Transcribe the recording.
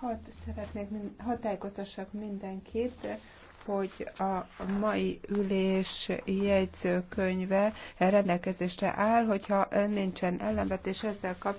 hat szeretnék, hadd tájékoztassak mindenkit, hogy a mai ülés jegyzőkönyve rendelkezésre áll, hogyha nincsen ellenvetés ezzel kapcsolatban.